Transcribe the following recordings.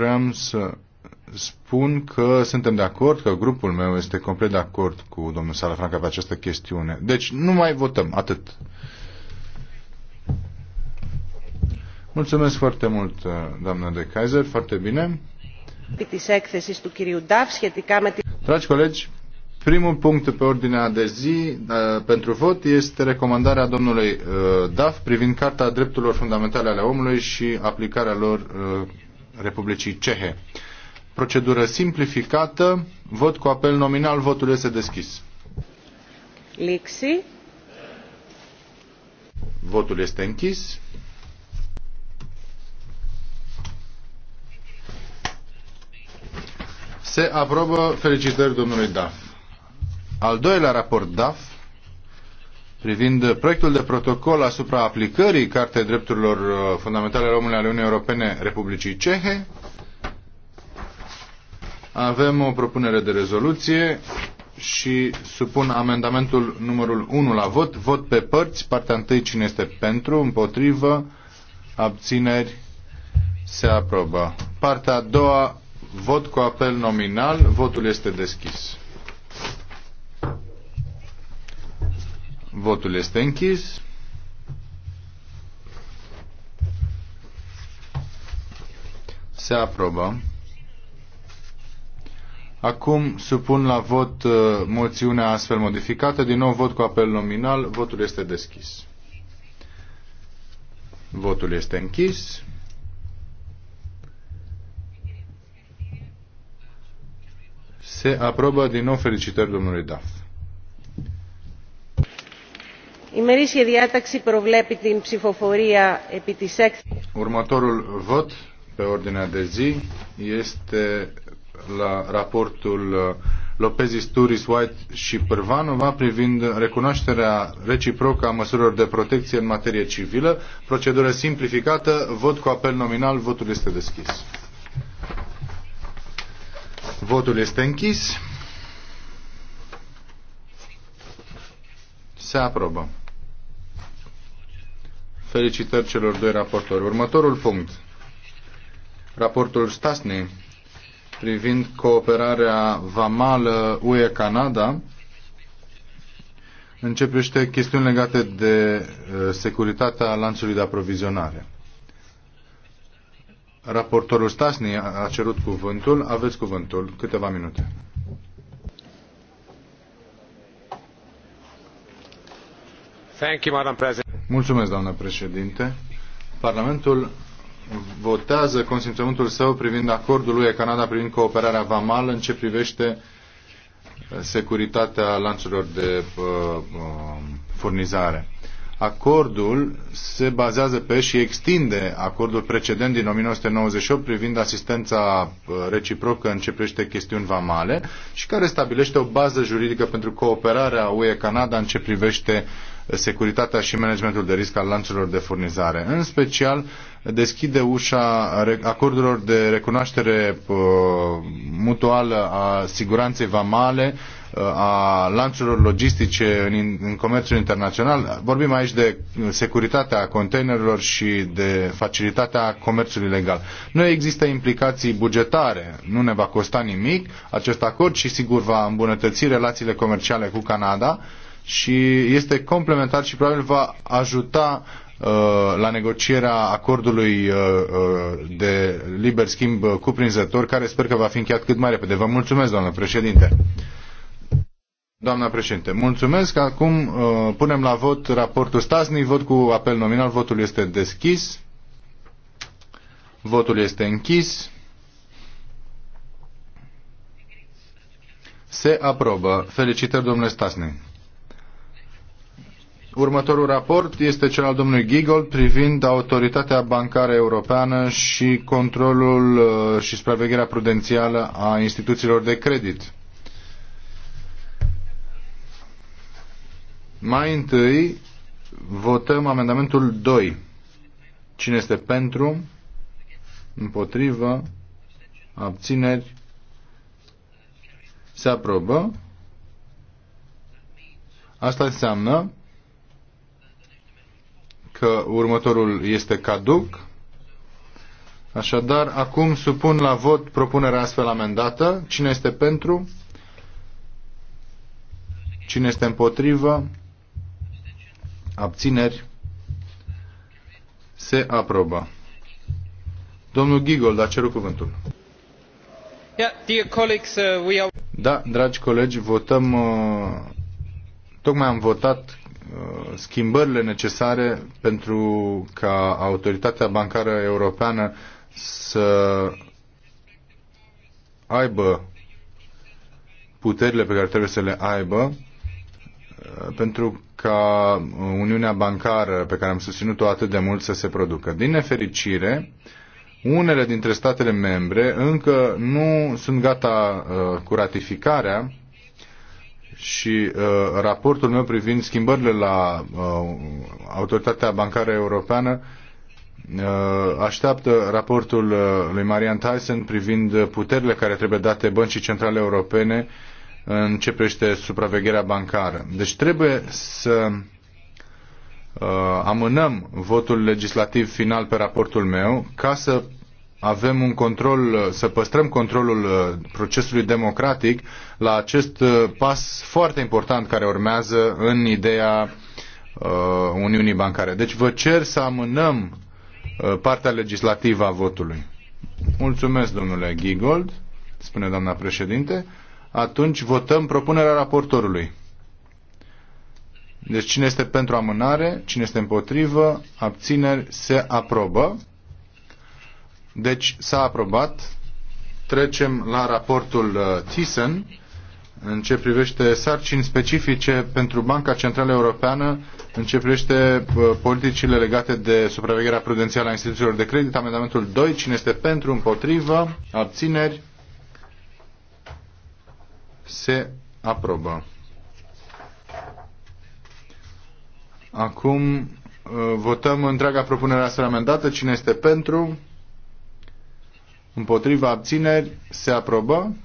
vreau să spun că suntem de acord, că grupul meu este complet de acord cu domnul Salafranca pe această chestiune. Deci nu mai votăm, atât. Mulțumesc foarte mult, uh, doamnă de Kaiser, foarte bine. Dragi colegi, primul punct pe ordinea de zi uh, pentru vot este recomandarea domnului uh, Daf privind Carta Drepturilor Fundamentale ale Omului și aplicarea lor Republicii Cehe. Procedură simplificată, vot cu apel nominal, votul este deschis. Lixi. Votul este închis. Se aprobă felicitări domnului Daf. Al doilea raport DAF privind proiectul de protocol asupra aplicării Cartei Drepturilor uh, Fundamentale ale Omului ale Uniunii Europene Republicii Cehe. Avem o propunere de rezoluție și supun amendamentul numărul 1 la vot. Vot pe părți. Partea întâi cine este pentru, împotrivă, abțineri, se aprobă. Partea a doua, vot cu apel nominal. Votul este deschis. Votul este închis. Se aprobă. Acum supun la vot uh, moțiunea astfel modificată. Din nou vot cu apel nominal. Votul este deschis. Votul este închis. Se aprobă din nou felicitări domnului Daf ημερήσια διάταξη προβλέπει την ψηφοφορία επί της Următorul vot pe ordinea de zi este la raportul uh, Lopez Isturis White și Pârvanova privind recunoașterea reciprocă a măsurilor de protecție în materie civilă, procedură simplificată, vot cu apel nominal, votul este deschis. Votul este închis. Se aprobă. Felicitări celor doi raportori. Următorul punct. Raportul Stasny privind cooperarea vamală UE-Canada începește chestiuni legate de uh, securitatea lanțului de aprovizionare. Raportorul Stasni a cerut cuvântul. Aveți cuvântul. Câteva minute. Thank you, Madam President. Mulțumesc, doamnă președinte. Parlamentul votează consimțământul său privind acordul lui Canada privind cooperarea vamală în ce privește uh, securitatea lanțurilor de uh, uh furnizare. Acordul se bazează pe și extinde acordul precedent din 1998 privind asistența uh, reciprocă în ce privește chestiuni vamale și care stabilește o bază juridică pentru cooperarea UE-Canada în ce privește uh, securitatea și managementul de risc al lanțurilor de furnizare. În special, deschide ușa acordurilor de recunoaștere uh, mutuală a siguranței vamale a lanțurilor logistice în, în comerțul internațional. Vorbim aici de securitatea containerilor și de facilitatea comerțului legal. Nu există implicații bugetare, nu ne va costa nimic acest acord și sigur va îmbunătăți relațiile comerciale cu Canada și este complementar și probabil va ajuta uh, la negocierea acordului uh, uh, de liber schimb cuprinzător, care sper că va fi încheiat cât mai repede. Vă mulțumesc, doamnă președinte. Doamna președinte, mulțumesc. Acum uh, punem la vot raportul Stasni, vot cu apel nominal. Votul este deschis. Votul este închis. Se aprobă. Felicitări, domnule Stasni. Următorul raport este cel al domnului Gigol privind autoritatea bancară europeană și controlul uh, și supravegherea prudențială a instituțiilor de credit. Mai întâi votăm amendamentul 2. Cine este pentru? Împotrivă? Abțineri? Se aprobă. Asta înseamnă că următorul este caduc. Așadar, acum supun la vot propunerea astfel amendată. Cine este pentru? Cine este împotrivă? Abțineri. Se aprobă. Domnul Gigol, da, ceru cuvântul. Uh, da, dragi colegi, votăm. Uh, tocmai am votat uh, schimbările necesare pentru ca autoritatea bancară europeană să aibă puterile pe care trebuie să le aibă pentru ca Uniunea Bancară, pe care am susținut-o atât de mult, să se producă. Din nefericire, unele dintre statele membre încă nu sunt gata uh, cu ratificarea și uh, raportul meu privind schimbările la uh, Autoritatea Bancară Europeană uh, așteaptă raportul uh, lui Marian Tyson privind puterile care trebuie date băncii centrale europene uh, în ce privește supravegherea bancară. Deci trebuie să uh, amânăm votul legislativ final pe raportul meu ca să avem un control, să păstrăm controlul uh, procesului democratic la acest uh, pas foarte important care urmează în ideea uh, Uniunii Bancare. Deci vă cer să amânăm partea legislativă a votului. Mulțumesc, domnule Gigold, spune doamna președinte atunci votăm propunerea raportorului. Deci cine este pentru amânare, cine este împotrivă, abțineri, se aprobă. Deci s-a aprobat. Trecem la raportul uh, Thyssen în ce privește sarcini specifice pentru Banca Centrală Europeană, în ce privește uh, politicile legate de supravegherea prudențială a instituțiilor de credit, amendamentul 2, cine este pentru, împotrivă, abțineri, se aprobă. Acum uh, votăm întreaga propunere astfel amendată. Cine este pentru? Împotriva abțineri? Se aprobă.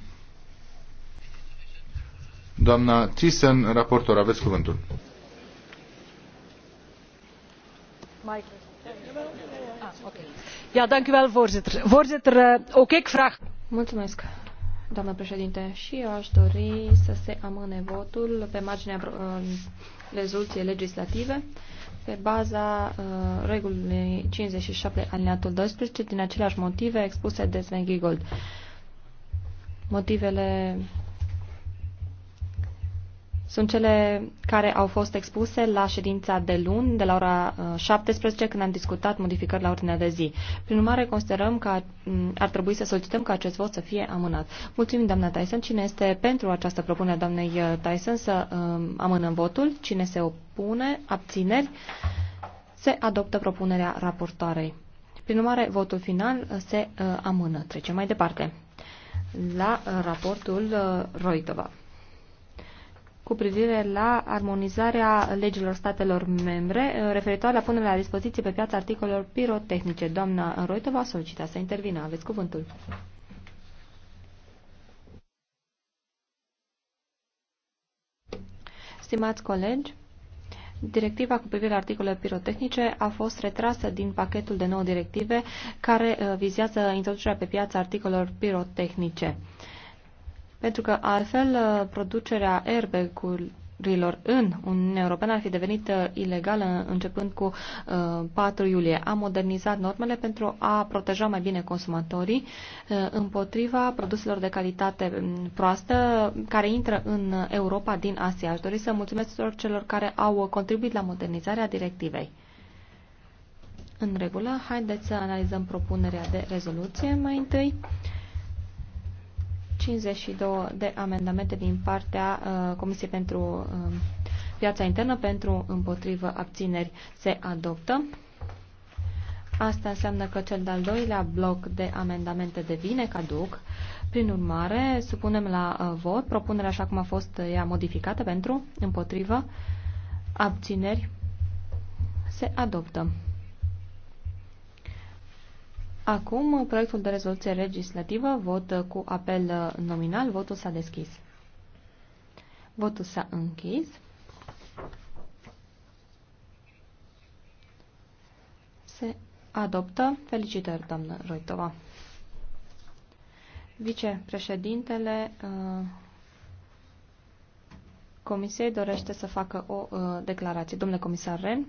Doamna Thyssen, raportor, aveți cuvântul. Ah, voorzitter eh, ook ik vraag. Doamnă președinte, și eu aș dori să se amâne votul pe marginea uh, rezoluției legislative pe baza uh, regulii 57 aliniatul 12 din aceleași motive expuse de Sven Giegold. Motivele sunt cele care au fost expuse la ședința de luni, de la ora 17, uh, când am discutat modificări la ordinea de zi. Prin urmare, considerăm că ar trebui să solicităm ca acest vot să fie amânat. Mulțumim, doamna Tyson. Cine este pentru această propunere doamnei uh, Tyson să um, amânăm votul? Cine se opune? Abțineri? Se adoptă propunerea raportoarei. Prin urmare, votul final uh, se amână. Trecem mai departe la raportul Roitova cu privire la armonizarea legilor statelor membre uh, referitoare la punerea la dispoziție pe piața articolelor pirotehnice. Doamna a solicita să intervină. Aveți cuvântul. Stimați colegi, Directiva cu privire la articolele pirotehnice a fost retrasă din pachetul de nouă directive care uh, vizează introducerea pe piață articolelor pirotehnice. Uh, pentru că altfel uh, producerea airbag-urilor în Uniunea Europeană ar fi devenit uh, ilegală începând cu 4 uh, iulie. A modernizat normele pentru a proteja mai bine consumatorii împotriva produselor de calitate mm, proastă care intră în Europa din Asia. Aș dori să mulțumesc tuturor celor care au contribuit la modernizarea directivei. În regulă, haideți să analizăm propunerea de rezoluție mai întâi. 52 de amendamente din partea uh, Comisiei pentru uh, Piața Internă pentru împotrivă abțineri se adoptă. Asta înseamnă că cel de-al doilea bloc de amendamente devine caduc. Prin urmare, supunem la uh, vot propunerea așa cum a fost uh, ea modificată pentru împotrivă abțineri se adoptă. Acum, proiectul de rezoluție legislativă, vot cu apel nominal, votul s-a deschis. Votul s-a închis. Se adoptă. Felicitări, doamnă Roitova. Vicepreședintele uh, Comisiei dorește să facă o uh, declarație. Domnule comisar Ren.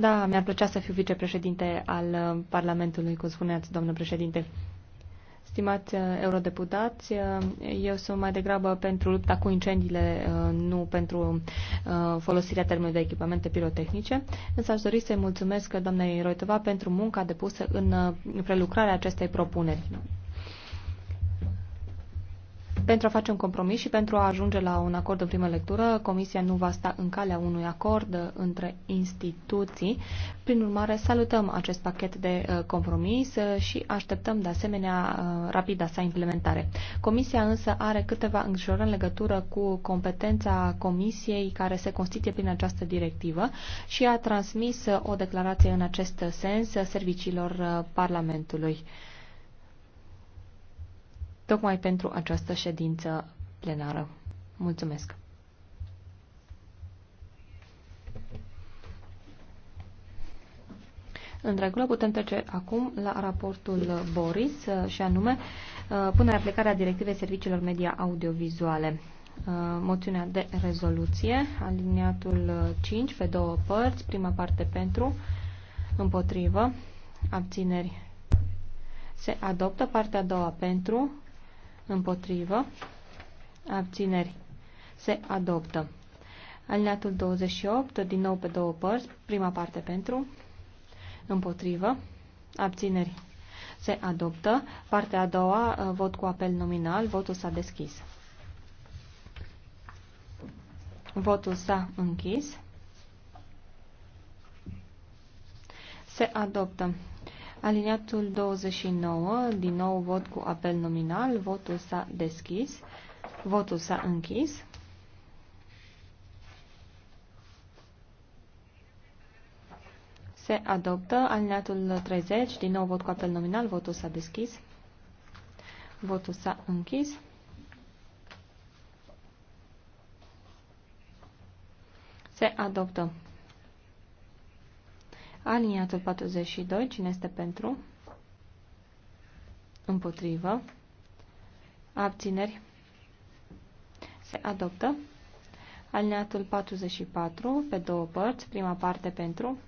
Da, mi-ar plăcea să fiu vicepreședinte al uh, Parlamentului, cum spuneați, domnul președinte. Stimați uh, eurodeputați, uh, eu sunt mai degrabă pentru lupta cu incendiile, nu pentru folosirea termenului de echipamente pirotehnice, însă aș dori să-i mulțumesc doamnei Roitova pentru munca depusă în prelucrarea acestei propuneri. Pentru a face un compromis și pentru a ajunge la un acord în primă lectură, Comisia nu va sta în calea unui acord între instituții. Prin urmare, salutăm acest pachet de uh, compromis uh, și așteptăm de asemenea uh, rapida sa implementare. Comisia însă are câteva îngrijorări în legătură cu competența Comisiei care se constituie prin această directivă și a transmis o declarație în acest sens serviciilor Parlamentului tocmai pentru această ședință plenară. Mulțumesc! În regulă putem trece acum la raportul Boris și anume uh, până la plecarea directivei serviciilor media audiovizuale. Uh, moțiunea de rezoluție, aliniatul 5 uh, pe două părți, prima parte pentru, împotrivă, abțineri se adoptă, partea a doua pentru, Împotrivă. Abțineri. Se adoptă. Alineatul 28, din nou pe două părți. Prima parte pentru. Împotrivă. Abțineri. Se adoptă. Partea a doua, uh, vot cu apel nominal. Votul s-a deschis. Votul s-a închis. Se adoptă. Aliniatul 29, din nou vot cu apel nominal, votul s-a deschis, votul s-a închis. Se adoptă alineatul 30, din nou vot cu apel nominal, votul s-a deschis, votul s-a închis. Se adoptă Aliniatul 42, cine este pentru? Împotrivă. Abțineri. Se adoptă. Aliniatul 44, pe două părți, prima parte pentru,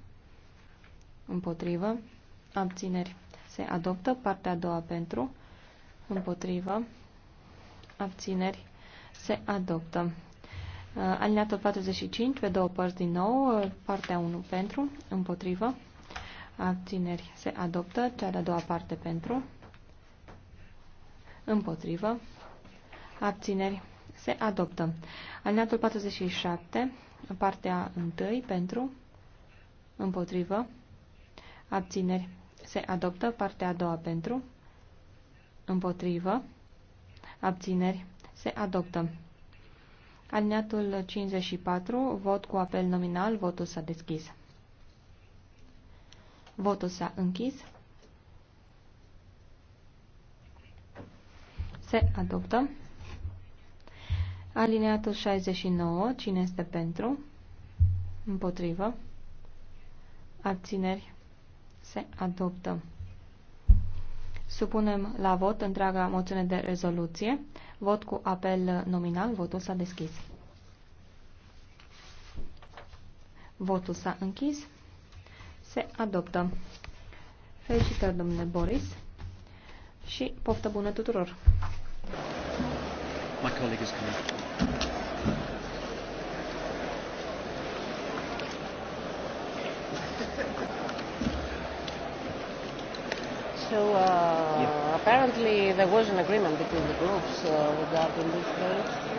împotrivă, abțineri. Se adoptă partea a doua pentru, împotrivă, abțineri. Se adoptă. Uh, alineatul 45, pe două părți din nou, uh, partea 1 pentru, împotrivă, abțineri se adoptă, cea de-a doua parte pentru, împotrivă, abțineri se adoptă. Alineatul 47, partea 1 pentru, împotrivă, abțineri se adoptă, partea a doua pentru, împotrivă, abțineri se adoptă. Alineatul 54, vot cu apel nominal, votul s-a deschis. Votul s-a închis. Se adoptă. Alineatul 69, cine este pentru? Împotrivă. Abțineri. Se adoptă. Supunem la vot întreaga moțiune de rezoluție. Vot cu apel nominal. Votul s-a deschis. Votul s-a închis. Se adoptă. Felicitări, domnule Boris, și poftă bună tuturor! My colleague is coming. so uh, apparently there was an agreement between the groups uh, regarding this very